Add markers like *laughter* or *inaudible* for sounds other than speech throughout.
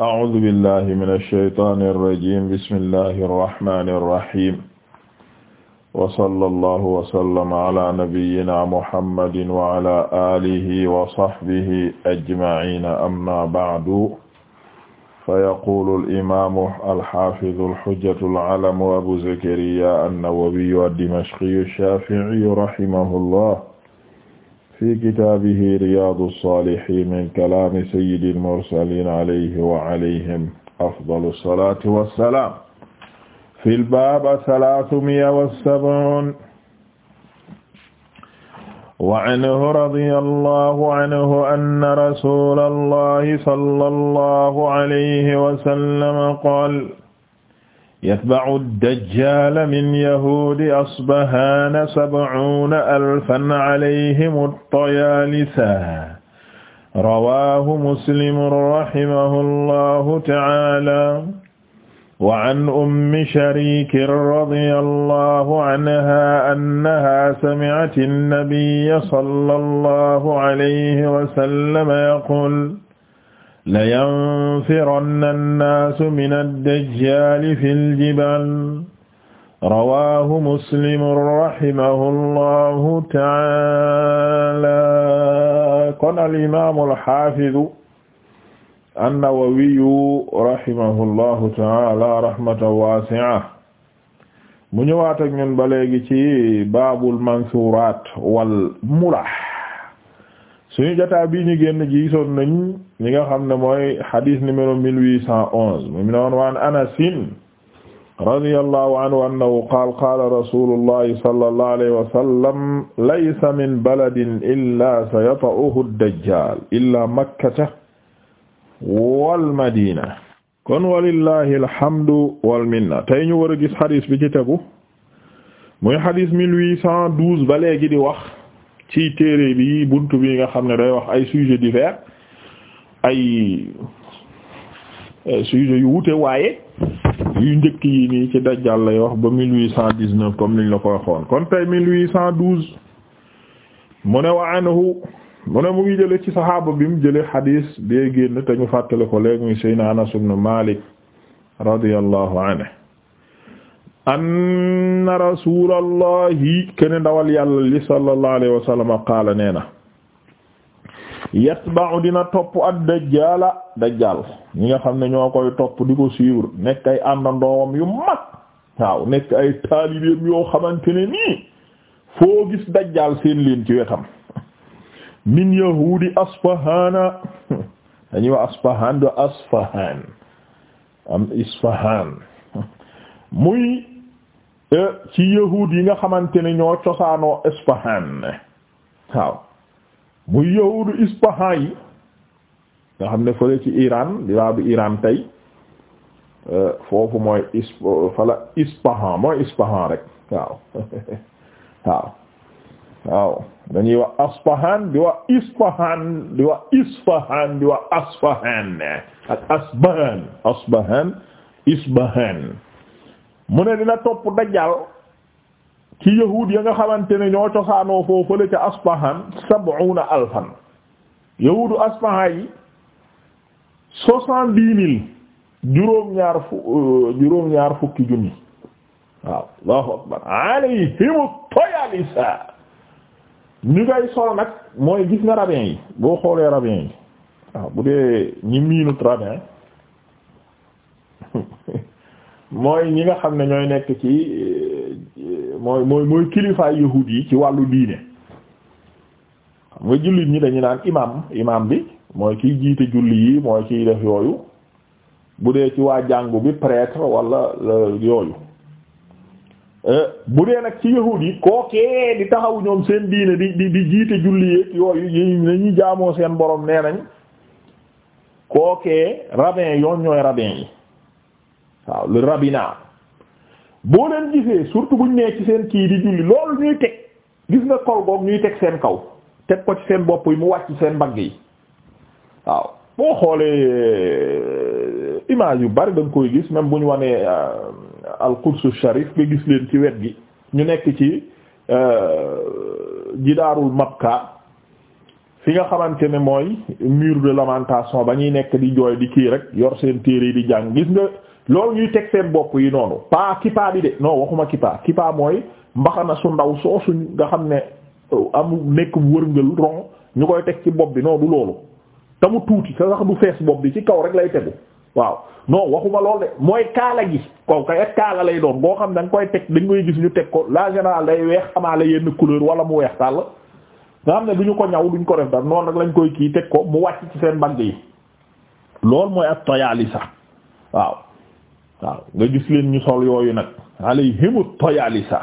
أعوذ بالله من الشيطان الرجيم بسم الله الرحمن الرحيم وصلى الله وسلم على نبينا محمد وعلى آله وصحبه أجمعين أما بعد فيقول الإمام الحافظ الحجة العلم أبو زكريا النووي الدمشقي الشافعي رحمه الله fi kitaabihi riyaadu saalihiin min kalaami sayyidil mursaliin alayhi wa alayhim afdalu salaati wa salaam. fil baab salaasumiya wa sab'uun. wa anhu radiyallaahu anhu anna rasuulallaahi sallallahu alayhi wa sallam qaala yatba'u ad-dajjal min yahudi asbahana sab'una alfan alayhim at-tayalisa rawahu muslim rahimahullahu ta'ala wa an ummi sharik radiyallahu anha annaha sami'at an-nabiyya sallallahu alayhi wa sallam yaqul la yanfiranna annaasu min addajjaali fil jibal rawaahu muslim rahimahullahu ta'aala kon al imaamu al haafidu an-Nawawiyu rahimahullahu ta'aala rahmatan waasi'a mu ñëwaat ak ñun ba léegi ci baabul mansuuraat wal mulah suñu jotaay bii ñu génn gisoon nañ ñi nga xam ne mooy hadith numéro mille cent onze mu ne woon waan Anas radiyallahu anhu annahu qaala qaala rasulullahi sallallahu alayhi wa sallam laysa min baladin illa sayata'uhu ad-dajjal illa makkata wal madina kon walillahi alhamdu wal minna tey ñu gis hadith bi ci tegu muy hadith mille huit cent douze ba léegi wax ci téere bi bunt bi nga xam ne day wax ay sujets divers ay sujets yu wute waaye yu njëkk yi nii ci dajjal lay wax ba mille huit cent dix-neuf comme niñ la ko xoon kon tey mille huit mu ne wa mu ne mu ngi jële ci saxaaba bi mu jële xadiis bee génn te ñu fàttale ko léegi muy Seydina Anas ibn Malik radiyallahu anhu anna rasulallahi kene ndawal yàlla li sallallahu alayhi wa sallam qaala nee na yatba'u dina topp ad dajjala dajjal ñi nga xam ne ñoo koy topp di ko suivre nekk ay àndandoowam yu mag waaw nekk ay taalibeem yoo xamante ne nii foo gis dajjal seen leen ci wetam min yahudi asfahana dañuy wax do asfahan am isfahan muy ci yahuud yi nga xamante ne ñoo cosaanoo Ispahan waaw muy yahuudu Ispahan yi nga xam ne fële ci Iran di bu Iran tey euh, foofu mooy is fala Ispahan mooy Ispahan rek *laughs* waaw waaw dañuy wax Aspahan di wax Ispahan di wax Ispahan di wax Aspahan ak mu ne dina topp dajjal ci yahuud ya nga xamante ne ñoo cosaanoo foofu la ca Aspahan sab'una alfan yahuudu Aspahan yi soixante-dix mille juróom-ñaar fu euh, juróom-ñaar fukki junni waaw Allahu akbar alayhimu tayalisa ñu koy sol nag mooy gis nga rabbin yi boo xoolee rabbin yi waaw bu dee ñi miinut rabbin *laughs* mooy ñi nga xam ne ñooy nekk ci mooy mooy mooy kilifaay yahuud yi ci wàllu diine xam nga jullit ñi dañu naan imam imam bi mooy kiy jiite julli yi mooy kiy def yooyu bu dee ci waa jàngu bi prêtre wala yooyu eh, bu dee nag ci yahuud yi kookee di taxaw ñoom seen diine di di di jiite julli yeeg yooyu yi nañuy jaamoo seen borom nee nañ kookee rabbin yoon ñooy rabbin yi waaw le rabina boo leen gisee surtout buñ nee ci seen kii di julli loolu ñuy teg gis nga kol goog ñuy teg seen kaw teg ko ci seen bopp yi mu wàcc seen mbagg yi waaw boo xoolee euh, image yu bari da nga koy gis même bu ñu wanee euh, al-Quds sharif nga gis leen ci wet gi ñu nekk ci euh, jidaarul mabka fi nga xamante ne mooy mur de lamentation ba ñuy nekk di jooy di kii rek yor seen téere yi di jàng gis nga loolu ñuy teg seen bopp yi noonu paa kippa bi de non waxuma kippa kippa mooy mbaxana su ndaw soosuñ nga xam ne euh, amu nekk wërngël ron ñu koy teg ci bopp bi non loolu te mu tuuti te sax du fees bopp bi ci kaw rek lay tegu waaw no waxuma loolu de mooy kaala gi kaw kay ak kaala lay doon boo xam ne nga koy teg dañ koy gis ñu teg ko laa général day weex amaale yenn couleur wala mu weex tàll nga xam ne du ñu ko ñaw duñ ko def dara noonu lañ koy kii teg ko mu wàcc ci seen mbagg yi loolu mooy ak toyaali waaw nga gis leen ñu sol yooyu nag alayhimu tayalisa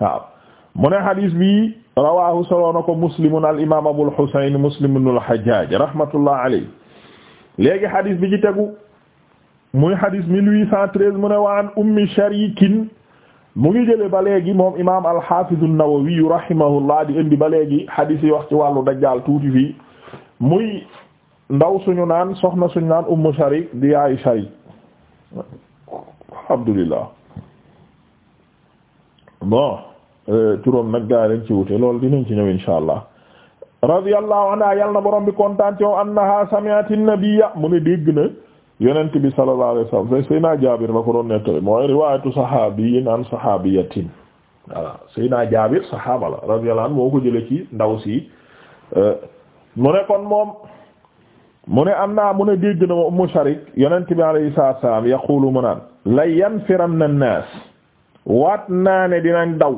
waaw mu ne xadis bi rawahu soloo na ko muslimun al imam abul husayn muslim ibn al hajjaj rahmatullah alayhi léegi xadis bi ci tegu muy xadis 1813 mu ne waan ummi sharikin mu ngi jële ba léegi moom imam al-Hafiz an-Nawawi rahimahullah di indi ba léegi xadis yi wax ci wàllu dajjaal tuuti fii muy ndaw suñu naan soxna suñu naan ummu sharik di yaayu sharik alhamdulillah bon euh, turam nag gaa yi dañ ci wute lool dinañ ci ñëw insha allah radiyallahu anha yal na borom bi kontaan ci annaha sami'at an-nabiyya mu ne dégg na yonent bi sallallahu alayhi wasallam sayna Jaabir la ko doon nettali mooy riwaayatu saxaabiyin an saxaabiyatin voilà sayna Jaabir saxaaba la radiyallahu anhu moo ko jëlee ci ndaw si euh, mu ne kon moom mu ne am naa mu ne dégg na Ummu Sharik yonent bi alayhi salaatu wa salaam yaqulu mu naan la yanfiranna an-naas waat naa ne dinañ daw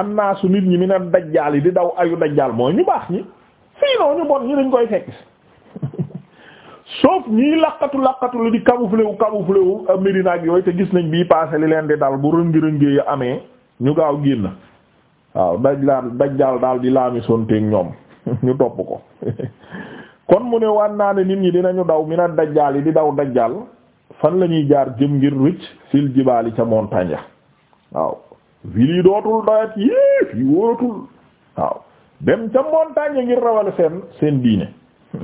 annaasu nit ñi min ad-dajjaal yi di daw ayu dajjaal mooy ñu baax ñi fii noo ñu bon ñi dañ koy fekk *laughs* sauf ñii laqatu laqatu lu di camouflé wu camouflé wu euh, Medina ak yooyu te gis nañ bii passé li leen di dal bu rëngi-rëngee ya amee ñu gaaw génn waaw daj dajjaal daal di laami sonteeg ñoom *laughs* ñu topp ko *laughs* kon mu ne waan naa ne nit ñi dinañu daw mina dajjaal yi di daw dajjaal fan lañuy jaar jëm ngir rëcc fil jibaali ca montagne waaw ville dootul doyat yii fii wóoratul waaw dem ca montagne ngir rawale seen seen diine *laughs*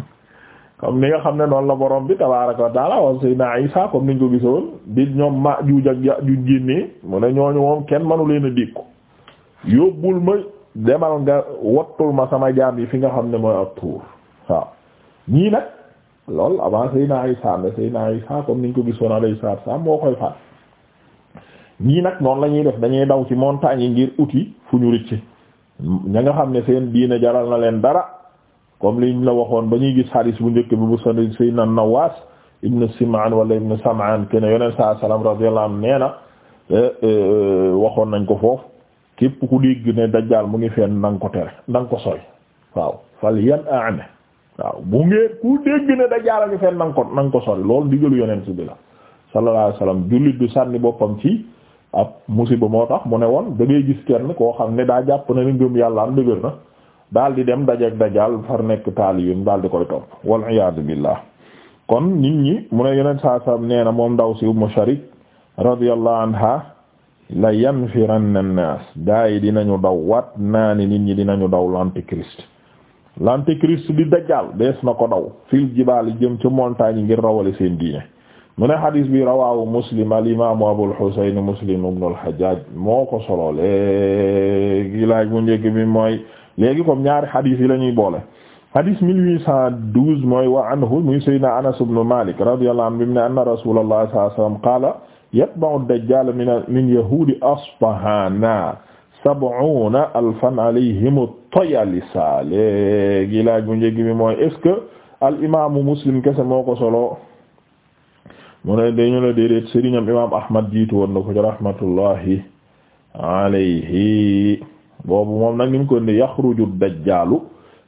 comme ni nga xam ne noonu la borom bi tabaaraka wa taala wa sayna Isa comme niñ ko gisoon di ñoom ma juuj ak ju génnee mu ne ñooñu moom kenn manu leen a dékku yóbbul ma demal nga wottul ma sama jaam yi fi nga xam ne mooy ak tuur waaw ñii nag lool avant Seydina Isa mais Seydina Isa comme niñ ko gisoon alayhi salaatu salaam moo koy faat ñii nag noonu lañuy def dañuy daw ci montagne yi ngir uti fu ñu rëcc ña nga xam ne seen diine jaral na leen dara comme liñ la waxoon ba ñuy gis hadis bu njëkk bi bu soni Seydina Nawaas ibn Simaan wala ibn Samaan ke ne yoneen saa salaam radiyallahu am nee na eh, eh, waxoon nañ ko foofu képp ku dégg ne dajjaal mu ngi fenn na ko tere na nga ko sori waaw fal yan aame waaw bu ngeen ku dégg ne da fenn nanga ko nanga ko sori loolu digalu yonent bi la sallallahu alayhi wasallam jullit du sànni boppam ci ab musiba moo tax mu ne woon da ngay gis kenn koo xam ne daa jàpp na ni ngëm yàlla am dëgër na dal di dem dajeek dajaal far nekk taalibim daal di koy topp wal iyaadu billah kon nit ñi mu ne yonent saa sallam nee na moom ndaw si Ummu Sharik radiyallahu anha la yanfiranna an-nas gaa yi dinañu daw wat naa ni nit ñi dinañu daw l'antéchrist l'antéchrist di dajjal dees na ko daw fil jibaal jëm ca montagne ngir rawale seen diine mu ne xadis bi rawawu muslim al imaamu abul husayn muslim ibn al moo ko solo léegi laaj mu njëkk bi mooy léegi comme ñaari xadis yi la ñuy boole xadis 1812 mooy wa anhu muy sayyidina anas ibn malik radiyallahu anhu bi ne anna rasulullah sallallahu alayhi wasallam qaala yatba'u ad-dajjal min yahudi asfahana sab'una alfan alayhim at-Tayalisa léegi laaj bu njëkk bi mooy est-ce que al imaamu Muslim kese moo ko solo mu ne dañu la déedéet sëriñam imaam Ahmad jiitu woon na ko ci rahmatullahi alayhi boobu moom nag ni mu ko ne yaxruju dajjaalu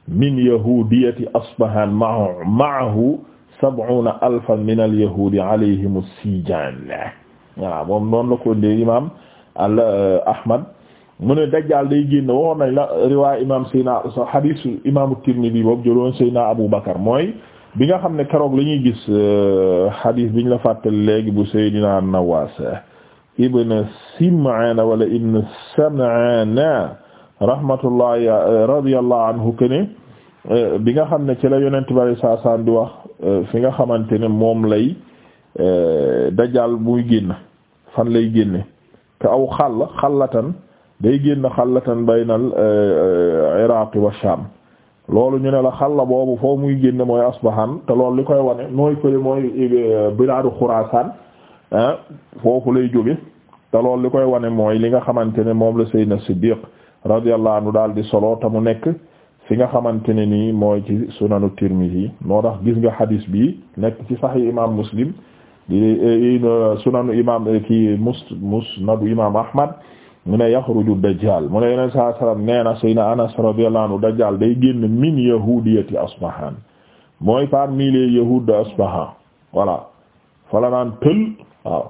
min yahudiyati Asbahan ma'ahu ma'ahu sab'una alfan min al-yahudi alayhim as-sijaan voilà moom noonu la ko ne imaam al Ahmad mu ne dajjaal day génn waxoon nañ la riwaay imam sayna hadith imam Tirmidhi boobu jëloon sayna Abu Bakar mooy bi nga xam ne keroog la ñuy gis euh, hadith biñ la fàttali léegi bu saydina Nawaas ibn Sim'aan wala ibn Sam'aan rahmatullahi euh, radiyallahu kene euh, bi nga xam ne ci la yonent bari wax fi nga xamante ne moom lay dajjaal muy génn fan lay génne te aw xàll xàllatan day génn xallatan baynal euh, euh, iraq wa sham loolu ñu ne la xalla boobu foo muy génn mooy asbahan te lool li koy wane mooy fële mooy euh, bilaadu xuraasaan foofu lay jóge te lool li koy wane mooy li nga xamante ne moom la sayyidina siddiq radiyallahu anhu daal di solo te mu nekk fi nga xamante ne nii mooy ci sunanu tirmidhi moo tax gis nga hadis bi nekk ci sahih imam muslim di eh, eh, sunanu imam eh, ki mus musnadu imam ahmad mu ne yaxruju dajjal mu ne yeneen saa salaam nee na sayna Anas radiyallahu anhu dajjal day génn min yahudiyati Asbahan mooy parmi les yahuud de Asbahan voilà fala naan tël waaw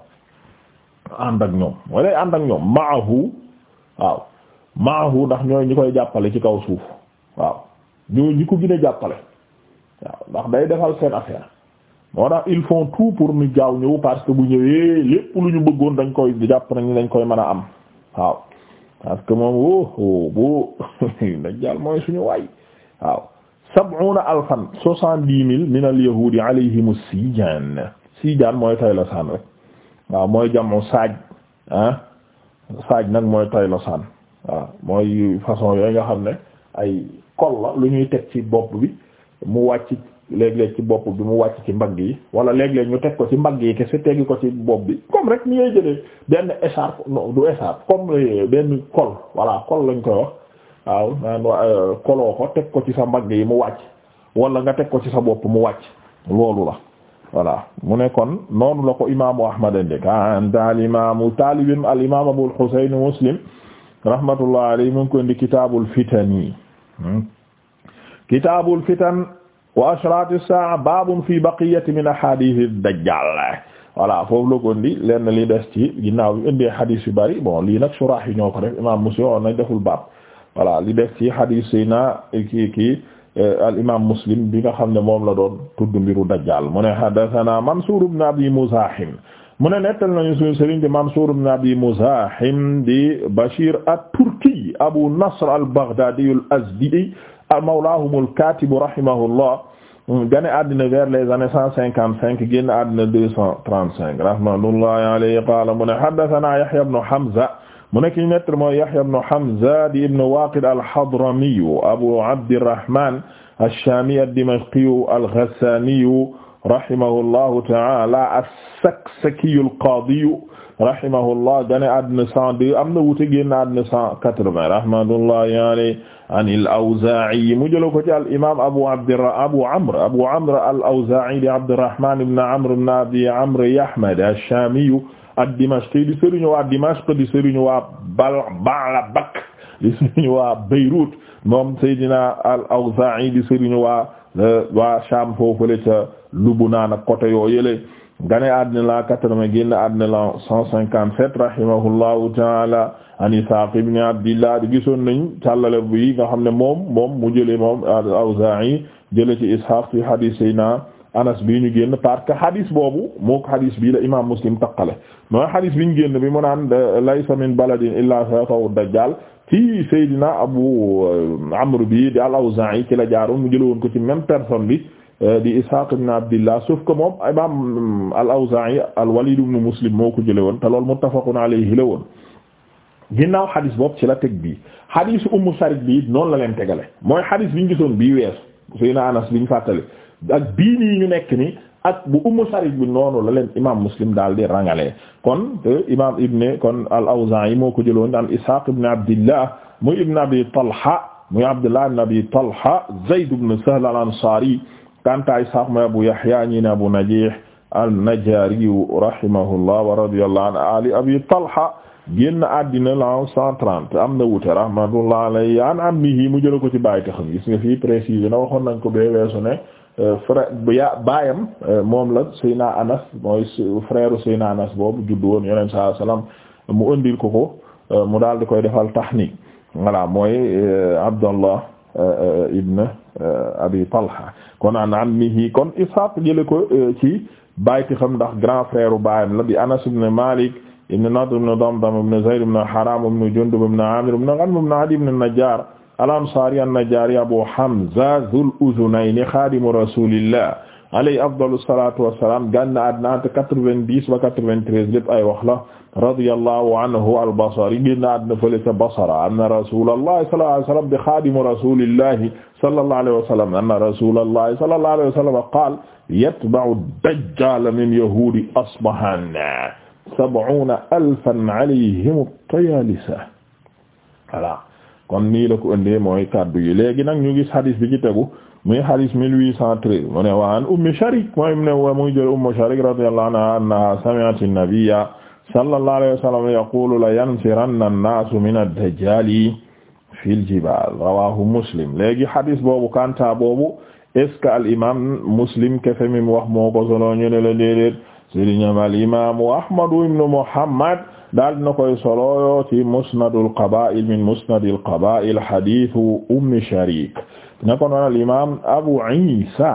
ànd ak ñoom mooy day ànd ak ñoom maahu waaw maahu ndax ñooy ñi koy jàppale ci kaw suuf waaw ñoo ñi ko gën a jàppale waaw ndax day defal seen affaire moo tax il font tout pour ñu gaaw ñëw parce que bu ñëwee lépp lu ñu bëggoon dañ koy jàpp nañ dañ koy mën a am waaw parce que moom woo boo *laughs* dajjal mooy suñu waay waaw sab'una alfan soixante-dix mille min al yahudi alayhimu sijaan sijaan mooy saan rek waaw mooy jamu saaj ah saaj nag mooy taylasaan waaw mooy façon yooyu nga xam ne ay kol la lu ñuy teg ci bopp bi mu wàcc léeg-léeg ci bopp bi mu wàcc ci mbagg yi wala léeg-léeg ñu teg ko ci mbagg yi kese teggi ko ci bopp bi comme rek ni ngay jëlee benn écharpe non du écharpe comme euh, benn col voilà col lañ koy wax waaw naan euh, koloo ko teg ko ci sa mbagg yi mu wàcc wala nga teg ko ci sa bopp mu wàcc loolu la voilà mu ne kon noonu la ko imaamu ahmad ndek anta al imaamu taalibim al imaam abul husayn muslim rahmatullah alayhi mu ngi ko indi kitaabul fitan yi hmm? kitaabul fitan wa ashrati saa babun fi baqiyati min ahadithi dajjal voilà foofu la ko indi lenn li des ci ginnaaw bi indee hadith yu bari bon lii nag surah yi ñoo ko def imam muslim on nañ deful baab voilà li des ci hadith sayna kii kii eh, al imam muslim bi nga xam ne moom la doon tudd mbiru dajjal mu ne hadathana mansur ibn abi muzahim mu ne nettal nañu suñu sëriñ di Mansuur ibn Abi Muzaahim di Bashir at-Turki Abu Nasr al-Baghdadi al-Azdi mawlaahumul kaatibu rahimahullah gane àddina vers les années cent cinquante cinq génn àddina deux cent trente cinq rahmatullahi alayhi qaala mu ne haddathana Yahya ibn Hamza mu nekk ñu nettar mooy Yahya ibn Hamza di ibn Waaqid al-Hadrami Abu Abdirrahman ash-Shaami ad-Dimashqi al-Ghassani rahimahullahu ta'ala as-Saksaki al-Qaadi rahimahullah gane àddina cent deux am na wuute génn àddina cent quatre-vingts rahmatullahi alayhi anil awzaa'i mu jëloon ko ci al imaam abu abdirra abu amr abu amr al awzaa'i di abdurrahman ibn amr ibn abi amr yahmad ash-shaami ad-dimashqi di sëriñu waa Dimashq di sëriñu waa Bal Baalabak di sëriñu waa Beyrouth moom Seydina al awzaa'i di sëriñu waa euh, waa Shaam foofule ca Lubnaan ak côté yooyele gane àddina la 80 génn àddina la 157 rahimahullahu taala an Isaaq ibn Abdillah di gisoon nañ tallale bi nga xam ne moom moom mu jëlee moom al-Awzaa'i jëlee ci Isaaq ci hadis Seydina Anas bii ñu génn parce que hadis boobu mook hadis bi la imaam Muslim taqale mooy hadis bi ñu génn bi mu naan laysa min baladin illaa satahu dajjal ci Seydina Abu Amr bi di al-Awzaa'i ci la jaaroon mu jëlee woon ko ci même personne bi. Euh, di Ishaq ibn Abdillah sauf que moom imam mm, al-Awza'i al-Walid ibn Muslim moo ko jëlee woon te loolu muttafaqun alayhi la woon ginnaaw xadis boobu ci la teg bi xadisu Ummu Sharik bi noonu la leen tegale mooy xadis bi ñu gisoon bii weesu Seydina Anas bi ñu fàttali ak bii nii ñu nekk ni ak bu Ummu Sharik bi noonu la leen imam Muslim daal di rangalee kon imam ibne kon al-Awza'i moo ko jëloon an Ishaq ibn Abdillah muy ibn Abi Talha muy Abdullah ibn Abi Talha Zayd ibn Sahl al-Ansari kanta Ishaq ma Abu Yahya ñi ne Abu Najih an-Najjari rahimahullah wa radiyallahu an ali Abi Talha génn àddina la 130 am na wute rahmatullah alayhi an ammihi mu jëla ko ci bàyyi te xam gis nga fii précisé na waxoon nañ ko bee weesu ne euh, frère ya baayam euh, moom la Seyna Anas mooy frère Seyna Anas boobu juddu woon yonent sallallahu alayhi mu ëndil ko ko euh, mu daal di koy defal tahni voilà mooy Abdallah Euh, ibn euh, abi talha kon an ammihi kon ishaq jële ko euh, ci bayti xam ndax grand frère u baayam la bi anas ibn malik ibn nadr ibn damdam ibn zayd ibn haram ibn jundub ibn amir ibn ghanm ibn adi ibn najjar al-ansari an-najjari abu hamza dhul udhunayn khadimu rasulillah alayhi afdalu salatu wassalam gànna àddina entre quatre-vingt-dix ba quatre-vingt-treize lépp ay wax la radiyallahu anhu al-Basri génn àddina fële ca Basra anna rasulallahi sallallahu alayhi wa sallam bi xaadimu rasulillahi sallallahu alayhi wa sallam anna rasulallahi sallallahu alayhi wa sallam qaala yatba'u ad-dajjaal min yahuudi Asbahaan sab'uuna alfan alayhim at-tayaalisa voilà kon nii la ko ëndee mooy kàddu yi léegi nag ñu gis hadis bi ci tegu muy hadis 1813 mu ne wa an Ummi Sharik mooy mu ne muy jël Ummu Sharik radiyallahu anha annaha sami'at an-nabiyya sallallahu alayhi wa sallam yaqulu la yanfiranna an-naasu min ad-dajjaali fil jibaal rawaahu muslim léegi hadis boobu kanta boobu est-ce que al imaam muslim kefe mi mu wax moo ko solo ñu ne la déedéet sëriñam al imaamu ahmadu ibnu muhammad daal dina koy solo ci musnadul qabaa'il min musnadil qabaa'il hadiisu ummi shariik na ko noon al imaam abu iisa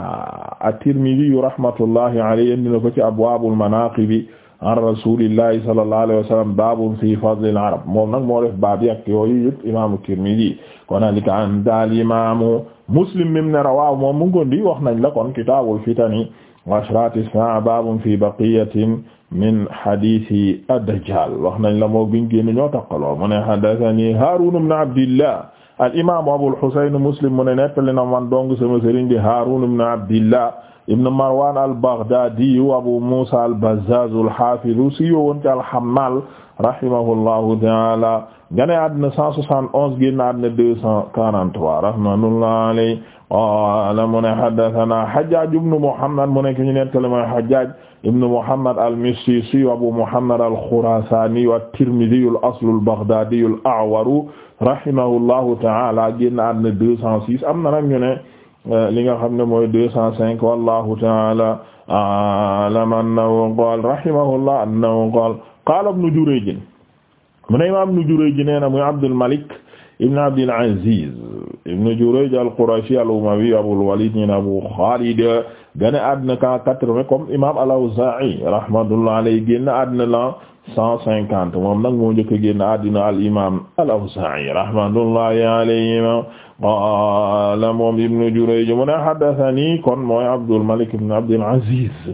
at-tirmidhi rahmatullahi alayhi indi na ko ci abwaabul manaaqibi an rasulillahi sallallahu alayhi wa sallam babun fi fadlil arab moom nag moo def baab yi ak yooyu yëpp imaamu Tirmidi kon alika an daal imaamu Muslim mim ne rawaaw moom mu ngi kondi wax nañ la kon kitaabul fitani wa ashraatis saa'a babun fi baqiyatin min hadiisi ad-Dajjaal wax nañ la moo biñ génn ñoo taqaloo mu ne haddathanii Haaruun ibn Abdillah al imaamu Abul Husayn Muslim mu ne nettali na man dong sama sëriñ di Haarun ibn Abdillah ibn Marwan al-Baghdadi Abu Musa al-Bazzaz al-Hafiz si yowoon ci al-Hammal rahimahullahu ta'ala gane àddina 171 génn àddina 243 rahmatullahi alayhi qaala mu ne haddathana Hajjaj ibn Muhammad mu ne ki ñu nettali mooy Hajjaj ibnu Muhammad al-Missisi wa Abu Muhammad al-Khurasani at-Tirmidhi al-asl al-Baghdadi al-A'war rahimahullahu ta'ala génn àddina 206 am na nag ñu ne euh, li nga xam ne mooy 205 wallahu ta'ala a'lam annahu qala rahimahullah annahu qala qala ibnu Jurayj mu ne imaam ibnu Jurayj nee na muy Abdul Malik ibnu Abdil Aziz ibnu Jurayj al-Qurashi al-Umawi Abul Walid ibnu Abu Khalid gane àddina ka quatre-vingt comme imam al-Awzaa'i rahmatullah alayhi génn àddina la cent cinquante moom nag moo njëkk génn àddina al imam al-Awzaa'i rahmatullahi alayhi qaala moom ibnu Jurayj mu ne haddathani kon mooy Abdul Malik ibn Abdul Aziz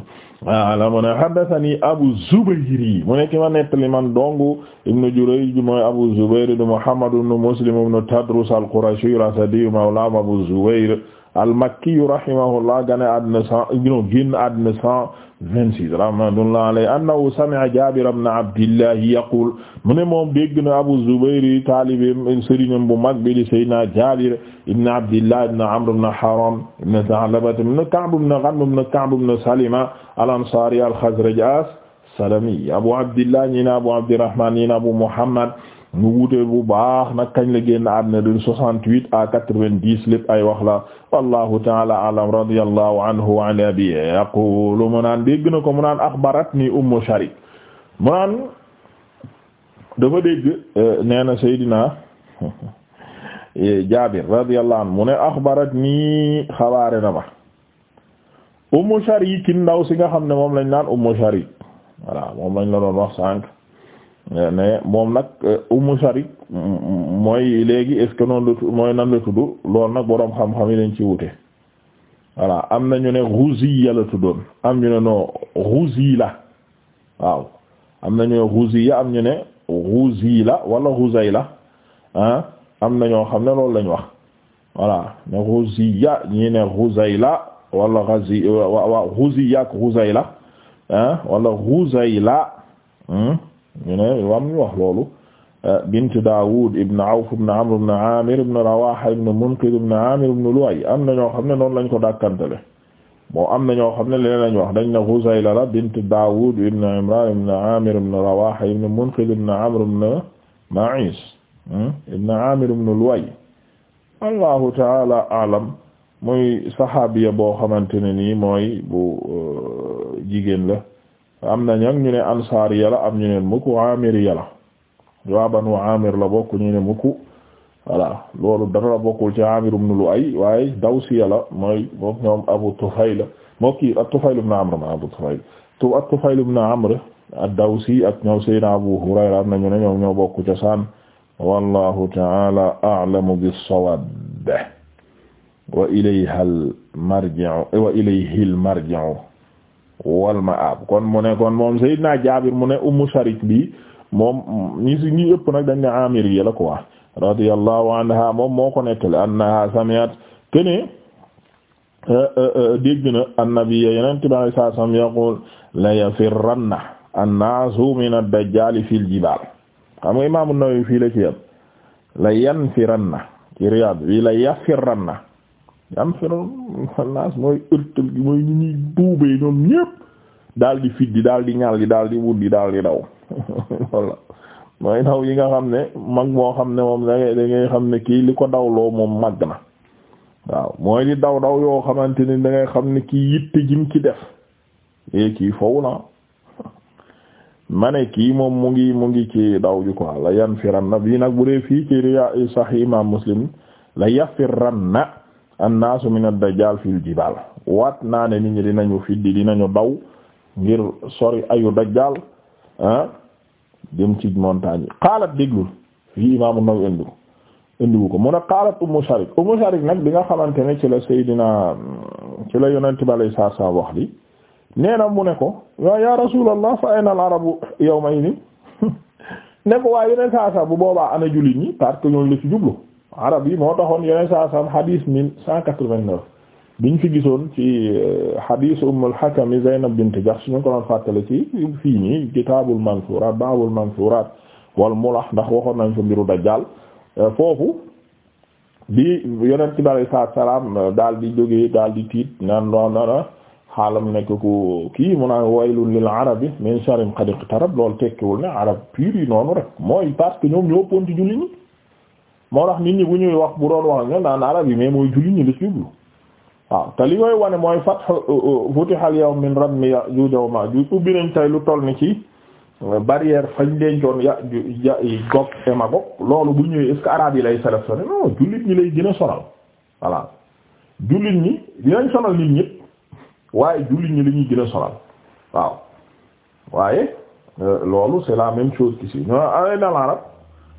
qaala mu ne haddathani Abu Zubayr mu ne ki ma nettali man dong ibnu Jurayj mooy Abu Zubayr Muhammad ibn Muslim ibn Tadrus al-Qurashi al-Asadi mawla Abu Zubayr al-Makkiyu rahimahullah gane àddina cent génn àddina cent vingt-six rahmatullahi alayhi annahu sami'a Jaabir ibn Abdillah yaqul mu ne moom dégg na Abu Zubayr taalibeem sëriñam bu mag bi di Seydina Jaabir ibn Abdillah ibn Amr ibn Haram ibn Tha'laba ibn Ka'b ibn Ghanm ibn Ka'b ibn Salima al-Ansari al-Khazraji as-Salami Abu Abdillah ñi na Abu Abdirrahman ñi na Abu Muhammad ñu wute bu baax nag kañ la génn àddina de soixante-huit à quatre-vingt-dix lépp ay wax la wallahu taala alam radiyallahu anhu wa an abi yaqulu mu naan dégg na ko mu naan axbaratni ummu sharik mu naan dafa dégg eh, nee na seydina *laughs* jabir radiyallahu anhu mu ne axbaratni xabaare na ma ummu sharik ndaw si nga xam ne moom lañ naan ummu sharik voilà moom lañ la doon wax sànq ne euh, moom nag Ummu euh, Sharik mooy léegi est-ce que noonu la tudd mooy nan la tuddu lool nag boroom xam-xam yi dañ ci wute voilà am na ñu ne Ghuziya la tuddoon am ñu ne non Ghuzila waaw am na ñu ne Ghuziya am ñu ne Ghuzila wala am na ñoo xam ne loolu lañ wax voilà ne Ghuziya ñii ne Ghuzayla wala Ghazi wa wa Ghuziya ak Ghuzayla la wala Ghuzayla hmm? ñu ne wam ñu wax loolu euh, bint Daawud ibn Awf ibn Amr ibn Amir ibn Rawaha ibn Munqidh ibn Amir ibn Lu'ay am na ñoo xam ne noonu lañ ko dàkkantele bon am na ñoo xam ne leen lañ wax dañ ne Ghuzayla la bint Daawud ibn Imran ibn Amir ibn Rawaha ibn Munqidh ibn Amr ibn Ma'is hmm, ibn Amir ibn Lu'ay allahu taala alam muy saxaabiya boo xamante ne nii mooy bu euh, jigéen la am na ñag ñu ne ansaar am ñu ne mukku amir yàlla waa banu amir la bokk ñu ne mukku voilà loolu dara la bokkul ci amir ibn Lu'ay waaye dawsi yàlla mooy mook Abu Tufayl moo kii at-Tufayl ibn Amr ma ak ñoom Seydina am na ñu ne ñoom bokk ca saan ta'ala a'lamu bis-sawab wa ilayha al-marji'u wal ma'ab kon mu ne kon moom Seydina Jaabir mu ne Ummu Sharik bi moom ñi si ñi ëpp nag dañ ne Amiriya la quoi radiyallahu anha moom moo ko nettali annaha sami'at kene eh, eh, eh, dégg na annabiyya yenente bi alai saat la yafirranna annaasu min ad-dajjal fil jibal xam nga Imam fii la ci yam la yanfiranna am firoon naas mooy ërtël gi mooy ñu ñuy duubee ñoom ñépp daal di fiddi daal di ñal di daal di wuddi daal di daw walla *laughs* mooy daw yi nga xam ne mag moo xam ne moom da ngay xam ne kii li ko dawloo moom mag na waaw mooy daw daw yoo xamante ni da xam ne kii yitte jim ci def e kii fow na *laughs* ma ne kii moom mu ngi mu ngi ci daw ju ko la yan firan na bii nag bu dee fii ci riyaa sahih imam muslim la yafirran na annaasu min ad-dajjal fil jibal waat naa ne nit ñi dinañu fiddi dinañu daw ngir sori ayu dajjal ah jëm ci montagne yi xaalat déglul fii imaamu Nawawi indi indiwu ko mu ne xaalat Ummu Sharik Ummu Sharik nag bi nga xamante ne ci la Seydina ci la yonente bi alay saa saa wax li nee na mu ne ko waaw ya rasulallah fa ayna al arabu yawma idin *laughs* ne ko waaye yeneen saa bu boobaa ana jullit ñi parce que la ci jublu arab yi moo taxoon yeneen saa saam hadith mille cent quatre-vingt-neuf biñ fi gisoon ci hadith euh, Ummul Hakam Zaynab bint Jahsh suñu ko doon fàttale ci fii nii kitaabul mansuuraat baabul mansuuraat wal mulah ndax waxoon nañ fa mbiru dajjaal euh, foofu bi yonent bi alayhi salaatu salaam euh, daal di jógee daal di tiit naan non non xaalam nekk ku kii mu naan waylun lil arabi min sharrin qad iqtarab loolu tekkiwul ne arab pur noonu rek mooy parce que ñoom ñoo ponti moo tax nit ñi bu ñuy wax bu doon wax ñoom naan arab yi mais mooy jullit ñi la ci jublu waaw te li koy wane mooy fathu euh, euh, futiha al yawm min rammi ya'juj wa ma'juj ubbi nañ tey lu toll ni ci euh, barrière fañ dencoon ya ja Gog et Magog loolu bu ñëwee est-ce yi lay sélectionné non ñi lay gën a sonal voilà jullit ñi dinañ sonal nit ñëpp waaye jullit ñi la gën a sonal waaw waaye loolu c'est la même chose ici ñoo ay arab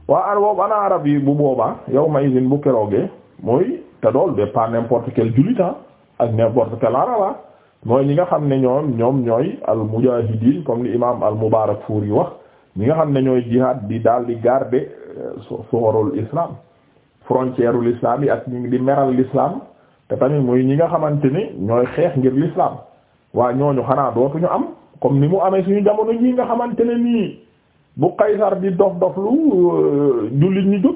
waa ar boobu ana arab yi bu boobaa yow ma isin bu keroogee mooy te dool de pas n'importe quel julitan ah ak n'importe quel araba ah mooy ñi nga xam ne ñoom ñoom ñooy al mujahidin comme li imam al yi wax ñi nga xam ne ñooy jihad di daal di garder euh, suwarul islam frontière ul islam yi ak ñu di meral l'islam te tamit muy ñi nga xamante ni ñooy xeex ngir l'islam waa ñooñu xanaa dootuñu am comme ni mu amee suñu jamono ñi nga xamante ne nii bu Qaysar di dof dof lu euh, jullit ñi jóg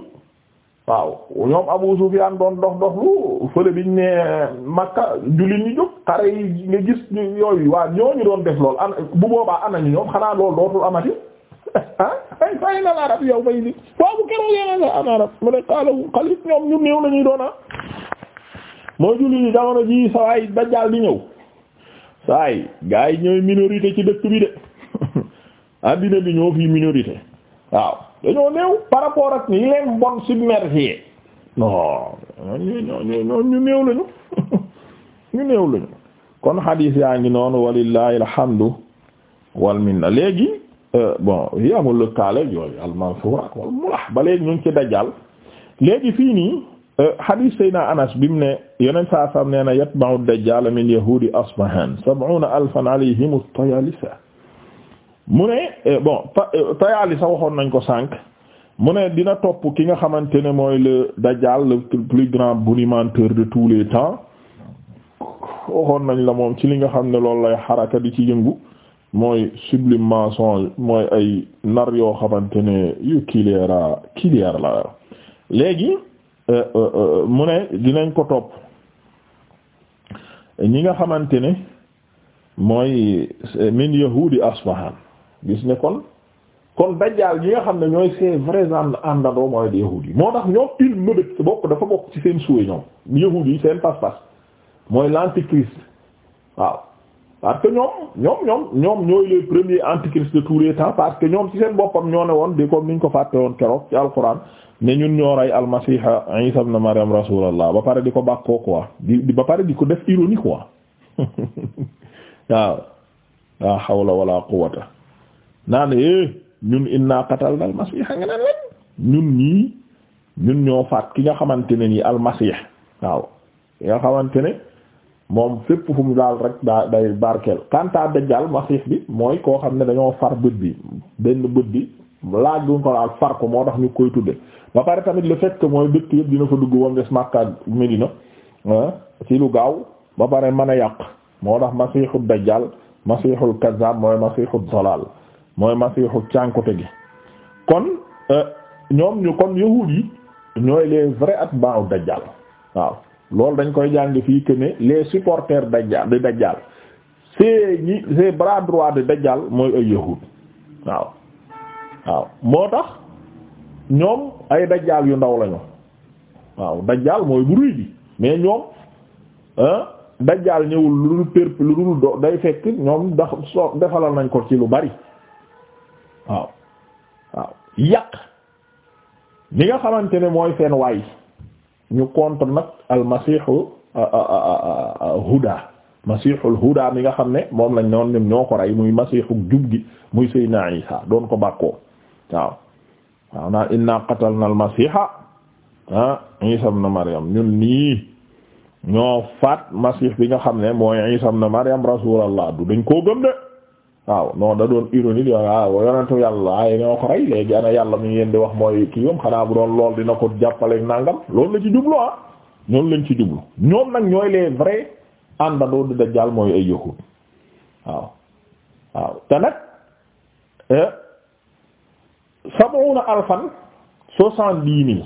waaw ñoom Abu Sufyaan doon dof dof lu ne Makka jullit ñi jóg xare yi nga gis yooyu waa ñooñu doon def lool ana bu boobaa ana ñu ñoom xanaa lool dootul amati *laughs* ah ay fay na arab yow fay ni waaw bu keroog yéen a an mu ne xaaral xalit ñoom ñu néew la doon ah mooy jullit ñi jamono ji sawaay Dajjaal di ñëw saay gaa yi ñooy minorité ci dëkk bi de addina bi ñoo fi minorité waaw dañoo néew par rapport ak ñi leen bon submergé non ñu ñu néew lañu *laughs* ñu néew lañu kon hadith yaa ngi noonu walillahi alhamdu wal minna léegi euh, bon yi amul lëkkaale yooyu almansuur ak wal mulah ba léegi ñu ngi ci dajjal léegi fii nii hadith euh, sayna anas bi mu ne yeneen saa sam nee na yatba'u min yahudi asbahan sab'una alfan alayhim at mu ne eh, bon eh, tayaali sa waxoon nañ ko sànq mu ne dina topp ki nga xamante ne mooy le dajaal le plus grand bonimenteur de tous les temps waxoon nañ la moom ci li nga xam ne loolu lay xaraka di ci yëngu mooy sublime mensonge mooy ay nar yoo xamante ne yu kiliera kilier la léegi eh, mu ne dinañ ko topp ñi nga xamante ne mooy min yahudi asbahan gis ne kon kon dajjaal yi nga xam ne ñooy ses vrais àndandoo mooy di yahuud yi moo tax ñoom il mëbét bokk dafa bokk ci seen suwe ñoom yahuud yi seen pas-pas mooy l'antichrist waaw parce que ñoom ñoom ñoom ñoom ñooy les premiers antichrists de tous les temps parce que ñoom ci seen boppam ñoo ne woon di comme niñ ko fàtte woon keroog ci alquran ne ñun ñoo rey almasiha isa ibn maryam rasulullah ba pare di ko bàkkoo quoi di di ba pare di ko def ironie quoi *laughs* waaw la hawla wala quwwata naan eh ñun inna qatalna almasiha nga naan lan ñun ñii ñun ñoo faat ki nga xamante ne nii almasih waaw ki nga xamante ne moom fépp fu mu daal rek daa day barkeel kanta dajjal masih bi mooy koo xam ne dañoo far bët bi benn bët bi laaj bu ko laal far ko moo tax ñu koy tudde ba pare tamit le fait que mooy dëkk yëpp dina ko dugg wam des Makka Medina ah, ci lu gaaw ba pare mën a yàq moo tax masihul dajjal masihul kazzab mooy masihul dalal mooy masiixu cànkute gi kon euh, ñoom ñu kon yahuud yi ñooy les vrais atba'u dajjal waaw loolu dañ koy jàng fii que ne les supporters dajjal de dajjal c'est ñi c'est bras droit de dajjal mooy ay yahuud waaw moo tax ñoom ay dajjal yu ndaw lañu waaw dajjal mooy bu ruy mais ñoom dajjal ñëwul lu dul perp lu dul do day fekk ñoom dax so defalal nañ ko ci lu bari waaw waaw yàq li nga xamante ne mooy seen waay ñu contre nag al masiixu huda masiixul huda mi nga xam ne moom lañ noon ñoom ñoo ko rey muy masiixu jub gi muy Seydina Isa doon ko bàkkoo waaw waaw naa inna qatalna al masiixa Isa ibn Maryam ñun nii ñoo faat masiix bi nga xam ne mooy Isa ibn Maryam rasuulallah du dañ koo gëm de waaw non da doon ironie di waaw ah, yonentu yàlla ay ñoo ko rey léegi yàlla mi ngeen di wax mooy kii yom xanaa bu doon lool dina ko jàppale nangam loolu la ci jublu ah ñoom lañ ci jublu ñoom nag ñooy les vrais àndandoo di dajjaal mooy ay yahud waaw waaw te nag eh, sab'una alfan soixante-dix mille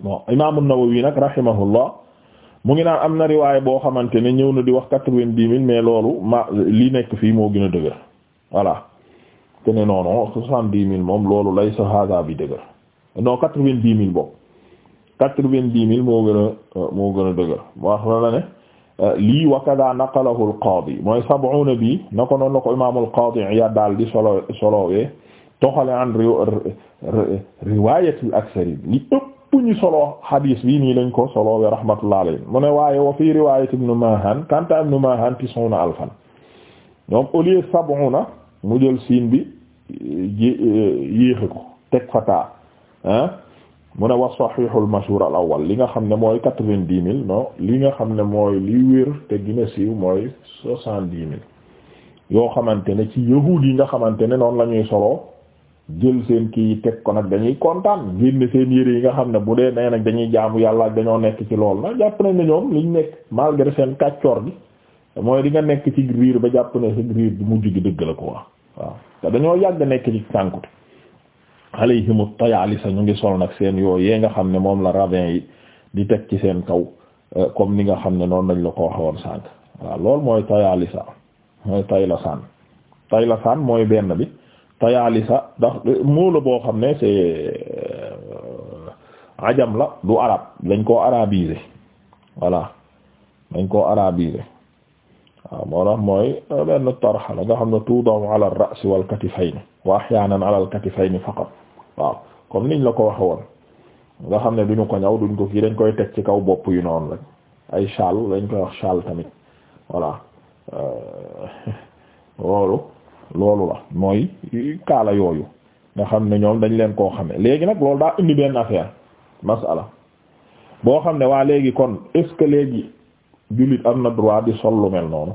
bon imaamu Nawawi nag rahimahullah mu ngi naan am na riwaay boo xamante ne ñëw na di wax quatre-vingt-dix mille loolu ma li nekk fii moo gën a dëgër voilà te ne non non soixante-dix moom loolu lay sa hada bi dëgër non quatre-vingt-dix mille boobu quatre-vingt-dix mille moo gën a euh, moo gën a dëgër wax na la ne euh, lii wa kada naqalahu al qaadi mooy sab'una bi na ko noonu la ko imaam al qaadi daal di solo solowee toxale an riwaayatil aksari li ñu solo hadis bi nii lañ ko solo wa rahmatullah alayhi mu ne waaye wa fi riwayat ibn Mahan kanta ibn Mahan tisuna alfan donc au lieu sab'una mu jël siin bi ji yéexe ko teg fata ah mu ne wa sahihul mashhur al awwal li nga xam ne mooy quatre-vingt-dix mille no li nga xam ne mooy li wér te gën mooy soixante-dix mille yoo xamante ne ci yahuud yi nga xamante ne noonu la ñuy solo jël seen kii yi teg ko nag dañuy kontaan génne seen yére yi nga xam ne bu dee nee nag dañuy jaamu yàlla dañoo nekk ci lool nag jàpp nañ ne ñoom liñ nekk malgré seen kàccoor bi mooy di nga nekk ci riir ba jàpp ne sa riir bu mujj di dëgg la ko wax waaw te dañoo yàgg nekk ci sànkute alayhimu tayaali sa ñu ngi sol nag seen yoo yee nga xam ne moom la ravin yi di teg ci seen kaw euh, comme ni nga xam ne noonu nañ la ko waxoon sànk waaw loolu mooy tayaali sa mooy tay mooy benn bi tayaalisa ndax moolu boo xam ne c'est euh, ajam la du arab dañ koo arabisé voilà dañ ko arabisé waaw moo tax mooy euh, benn tarxa nga xam ne tuudaw ala ar-ra's wal katifayn wa ahyaanan ala al-katifayn faqat waaw comme niñ la ko waxe woon nga xam ne duñu ko ñaw duñ ko kii dañ koy teg ci kaw bopp yu noonu rek ay shaal dañ koy wax shaal tamit voilà euh, *laughs* loolu loolu la mooy kaala yooyu nga xam ne ñoom dañ leen koo xam ne léegi nag loolu daa indi benn affaire masala boo xam ne waa léegi kon est ce que léegi jullit am na droit di sol lu mel noonu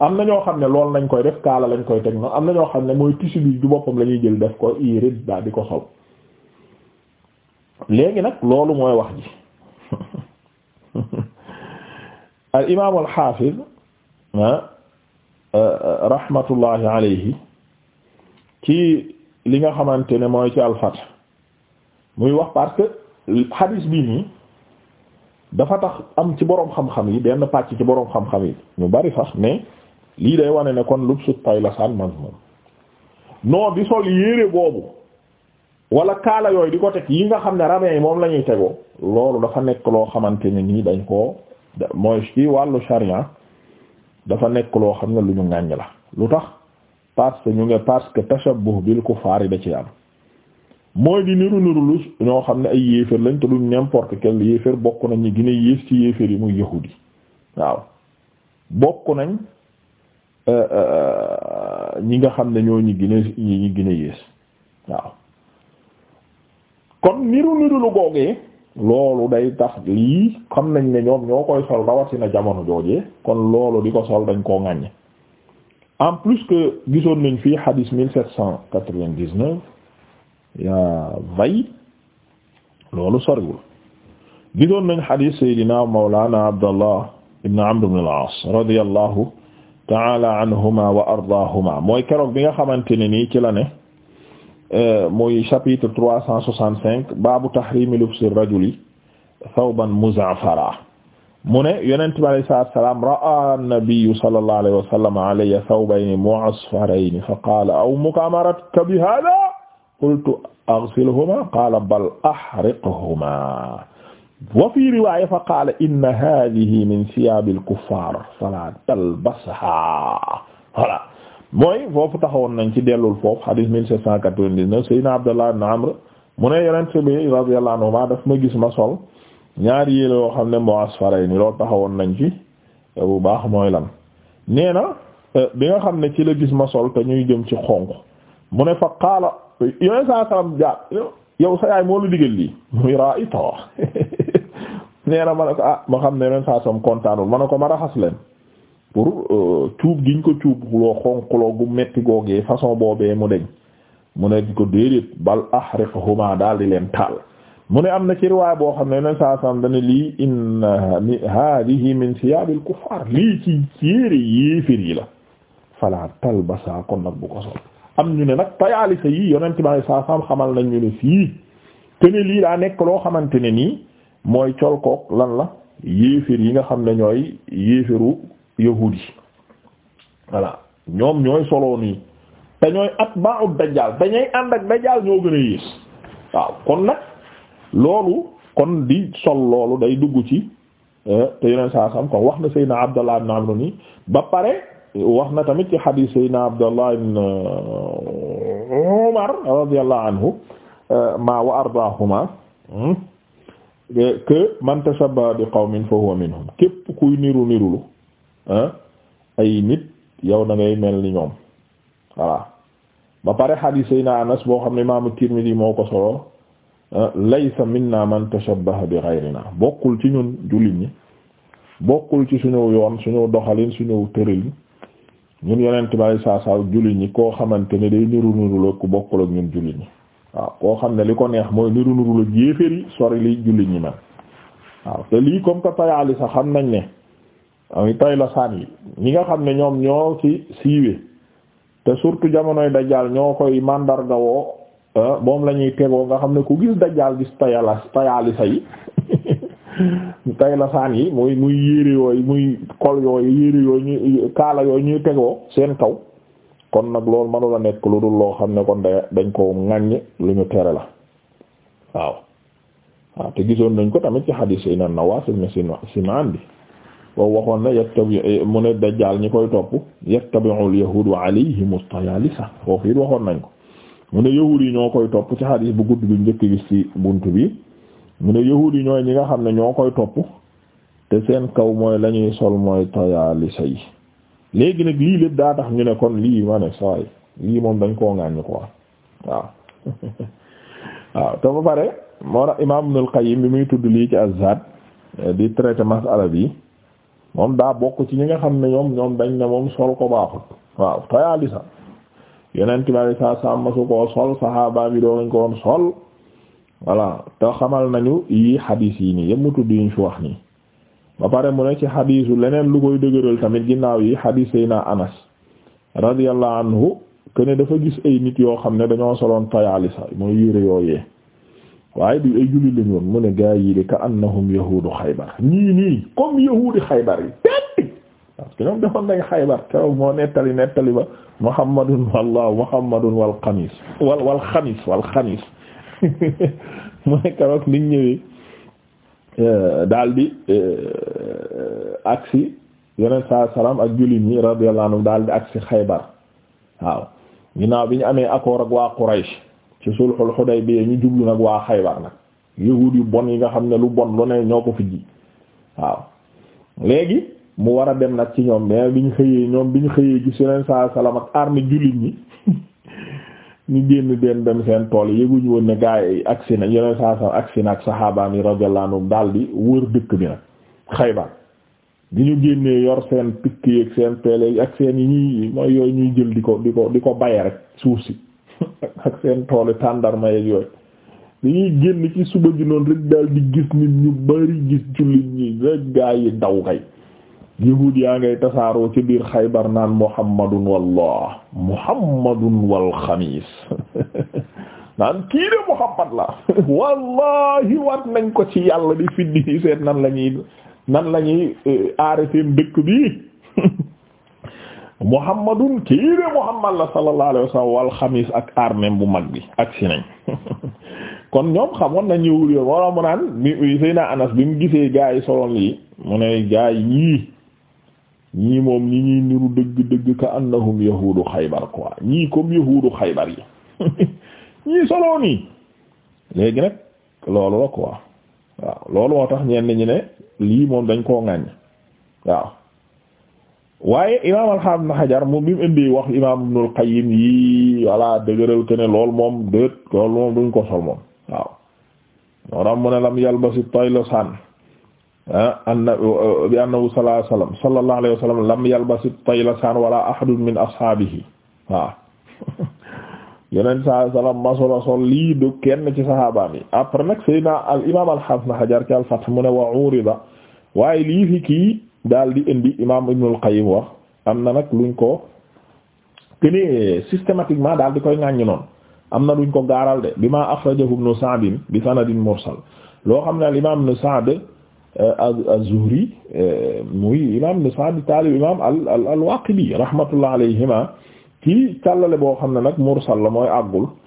am na ñoo xam ne loolu nañ koy def kaala lañ koy teg noonu am na ñoo xam ne mooy tissu bi du boppam la ñuy jël def ko yére daal di ko sol léegi nag loolu mooy wax ji *laughs* al imaam xaafis rahmatullahi alayhi ci li nga xamante ne mooy ci alfat muy wax parce que hadis bii nii dafa tax am ci boroom xam-xam yi benn pàcc ci boroom xam-xam yi ñu bari sax ne lii day wane ne kon lubsu taylasan mazmum non di sol yére boobu walla kaala yooyu di ko teg yi nga xam ne rabin yi moom la ñuy tegoo loolu dafa nekk loo xamante ni nii dañ koo mooy ci wàllu sharia dafa nekk loo xam ne lu ñu ŋàññ la lu tax parce que ñu nge parce que tashabbuh bil kufaar yi da ci am mooy di niru niru lu ñoo xam ne ay yéeféer lañ te duñ n'importe quel yéeféer bokk nañ ñi gën a ci yéeféer yi muy yahudi waaw bokk nañ euh, euh, ñi nga xam ne ñoo ñi gën a ñi gën yées waaw kon niru niru lu googee loolu day tax lii xam nañ ne ñoom ñoo koy sol na jamono joojee kon loolu di ko sol dañ ko ŋàññe en plus que gisoon nañ fii hadis mille sept cent quatre-vingt-dix-neuf yaa vay loolu soriwul gisoon nañ hadis Seydina Mawlana Abdallah ibn Amr ibn al-As radiyallahu ta'ala anhuma wa ardaahuma mooy keroog bi nga xamante ne nii ci la ne Euh, mooy chapitre trois cent soixante cinq baabu tahrimi lubsi rajuli thawban muza'fara mu ne yonent bi alayhi salaatu wa salaam ra'a an-nabiyyu sallallahu alayhi wa sallam alayya thawbayni mu'asfarayni fa qaala aw mukamaratka bi haadha qultu aghsilhumaa qaala bal ahriqhumaa wa fii riwaaya fa qaala inna haadhihi min thiyaabil kuffaar falaa talbashaa voilà mooy foofu taxawoon nañ ci dellul foofu hadith 1799 Seydina Abdallah ibn Amr mu ne yonent bi radiyallahu anhu ma daf ma gis ma sol ñaari yoo xam ne moo asfaray ni loolu taxawoon nañ ci bu baax mooy lan nee na euh, bi nga xam ne ci la gis ma sol te ñuy jëm ci xonq mu ne fa qaala yonent saa salam jaar yow sa yaay moo la digal lii muy raa ita *laughs* nee na ma ne ko ah ma xam ne yonent saa salam kontaanul ma ne ko ma raxas leen pour cuub euh, giñ ko cuub loo xonqloo gu metti googee façon boobee mu deñ mu ne ko déedéet bal ahriqhuma daal di leen taal mu ne am na ci riwaay boo xam ne yoneen saa sam dana lii inna hadihi min siyaabil ko ñu ne nag tayaalisa yi yoneen ci baax saa sam xamal nañ ñu ne fii te ne lii daa nekk loo xamante ne nii mooy colkook lan la yéefir yi nga xam ne ñooy yéefiru yahuud yi ñoom ñooy soloo nii te ñooy atba'u dajjaal dañuy ànd ak dajjaal ñoo gën a yées waaw kon nag loolu kon di sol loolu day dugg ci eh, te yeneen saa sam kon wax na Seydina Abdallah ibn Amr ba pare wax na tamit ci xadiis Seydina Abdallah ibn eh, Umar eh, ma wa ardaahuma hmm, que man tashabbaha bi qawmin fa huwa minhum képp kuy niru nirulu ay nit yow na mel ni ñoom voilà ba pare hadis sayna anas boo xam ne imaamu Tirmidi moo ko solo sa minna man tashabbaha bi ghayrina bokkul ci ñun jullit ñi bokkul ci suñu yoon suñu doxalin suñu tëralin ñun yonent bari saa saa ñi koo xamante ne day niru niru la ku bokkul ak ñun jullit ñi waaw koo xam ne li ko neex mooy niru niru la jéeféer yi sori li jullit ñi man waaw te lii comme que tayaali sax xam nañ ne ay Taylasaan yi ñi nga xam ne ñoom ñoo ki siiwe te surtout jamonoy dajjaal ñoo koy màndargawoo ah, moom la ñuy tegoo nga xam ne ku gis dajjaal gis tayala tayaalisa yi Taylasaan *laughs* yi muy muy yére yooyu muy kol yooyu yére yooyu ñuy kaala yooyu ñuy tegoo seen kaw kon nag loolu mënula nekk lu dul loo xam ne kon da dañ ko ŋàññ lu ñu tere la waaw te gisoon nañ ko tamit ci xadiis yi na Nawaas ibn Simaan bi wow waxoon na yattabi mu ne dajjaal ñi koy topp yattabi'ul yahuudu alayhimu tayaalisa foofu it waxoon nañ ko mu ne yahuud yi ñoo koy topp ci hadis bu gudd bi njëkk gis ci bunt bi mu ne yahuud yi ñooy ñi nga xam ne ñoo koy topp te seen kaw mooy lañuy ñuy sol mooy tayaalisa yi léegi nag lii lépp daa tax ñu ne kon lii ma ne saay lii moom dañ koo ŋàññi ko waaw *laughs* waaw te ba pare moo tax imaam Ibnul Qayyim bi muy tudd lii ci Azzaad di traité masala bi moom daa bokk ci ñi nga xam ne ñoom ñoom dañ ne moom sol ko baaxut waaw toyaali sa yeneen tibaari saa saa masu koo sol saxaaba bi doo nañ ko woon sol voilà te xamal nañu yii xadiis yi nii yëpp mu tudd yi ñu fi wax nii ba pare mu ne ci xadiisu leneen lu koy dëgëral tamit ginnaaw yi xadiis yi naa anas radiyallahu anhu këne dafa gis ay nit yoo xam ne dañoo soloon toyaali sa mooy yére yooyee waaye du ay jullit lañu mu ne gaa yi de ka annahum yahuudu xaybar ñii nii comme yahuudi xaybar yi teppi parce que ñoom defoon xaybar keroog moo nettali nettali ba muhammadun wallahu muhammadun wal xamis wal wal xamis wal xamis *laughs* mu ne keroog niñ ñëwee euh, daldi euh, aksi yonent saa salaam ak jullit ñi radiyallahu anhum daldi aksi xaybar waaw ginnaaw bi ñu amee accord ak waa Quraysh ci sulhul Hudaybiya ñu jublu nag waa Xaybar nag yahuud yu bon yi nga xam ne lu bon lu ne ñoo ko fi ji waaw léegi mu war a dem nag ci ñoom mais bi ñu xëyee ñoom bi ñu xëyee gis yeneen saa salaam ak armée jullit ñi *laughs* ñu génn den dem seen tool yi yëguñu woon ne gaa yi agsi nañ yeneen saa salaam agsi na ak saxaabaam yi radiyallahu anhum wër dëkk bi nag Xaybar bi ñu génnee yor seen pikk yi seen peele ak seen yi ñuy mooy yooyu ñuy jël di ko di ko di ko baye rek suuf si ak seen toolu tàndarma yeeg yooyu dañuy génn ci suba gi noonu rek daal gis nit ñu bari gis jullit ñi rek gaa yi daw kay yahuud yaa ngay tasaaroo ci biir xaybar naan muhammadun wallah muhammadun wal xamiis *laughs* naan kii de muhammad la *laughs* wallahi wat nañ ko ci yàlla di fiddi seet nan lañuy nan lañuy eh, aare seen dëkk bi muhammadun kii de muhammad la sallallahu alayhi wa ak armem bu mag bi ak si nañ *laughs* kon ñoom xamoon nañ ñëwul yoon walla mu naan bi Anas bi mu gisee gaa yi soloon yi mu ne gaa yi ñii ñii moom ñi ñuy niru dëgg dëgg ka annahum yahuudu xaybar quoi ñii comme yahuudu xaybar yi *laughs* ñii soloon yi léegi nag loolu la quoi waaw loolu moo tax ñenn ñi ne lii moom dañ koo ŋàññ waaw waaye imaam alxaam na xajar moom bi indi wax imaam Ibnul Qayyim yi walla dëgëral ke ne lool moom déet ko sol moom waaw moo tax mu ne lam yalbasi tayla san ah, anna bi annahu sallallahu alayhi wasallam sallallahu alayhi wasallam lam yalbasi tayla san wala ahadun min ashaabihi waaw yeneen saa salaam masola sol lii du kenn ci saxaabaam yi après nag Seydina al imaam alxaam na xajar ci al wa urida waaye lii fi kii daal di indi imaam Ibnul Qayyim wax am na nag luñ ko kënee systématiquement daal di koy ŋàññi noonu am na luñ ko gaaral de bi ma akhrajahu Ibnu Sa'd bi sanadin mursal loo xam ne al imaam Ibnu Sa'd eh, az-Zuhri eh, muy imaam Ibnu Sa'd taalib imaam al al Waaqidi rahmatullah alayhima ci càllale boo xam ne nag mursal la mooy àggul